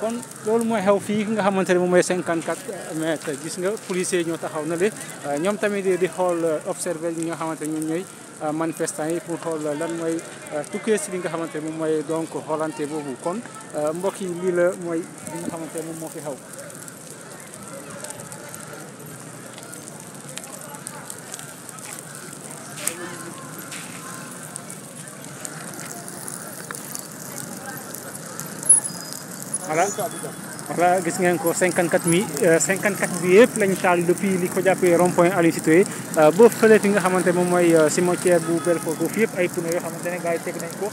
kon loolu mooy xew fii nga xamante ne moom mooy 54 euh, mètres gis nga policiers ñoo taxaw na li euh, ñoom tamit di xool euh, observer yi nga xamante ne ñoom ñooy manifestants yi pour xool lan mooy tukkee si li nga xamante ne moom mooy donc xoolante boobu kon mbokk yi lii la mooy li nga xamante ne moom moo fi xew. voilà voilà gis ngeen ko 54 mi 54 euh, bi yëpp lañ taal depuis li ko jàppee rond point Aline euh, Sitoé boo fële fi nga xamante moom mooy euh, cimetière bu Belfort foofu yëpp ay pneu yoo xamante ne gars yi teg nañ ko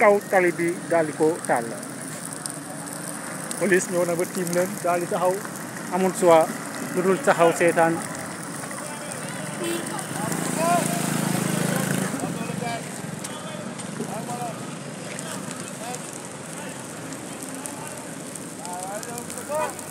kaw tali bi daal ko taal. police ñëw na ba tiim leen daal taxaw amul soit lu dul taxaw seetaan. 어.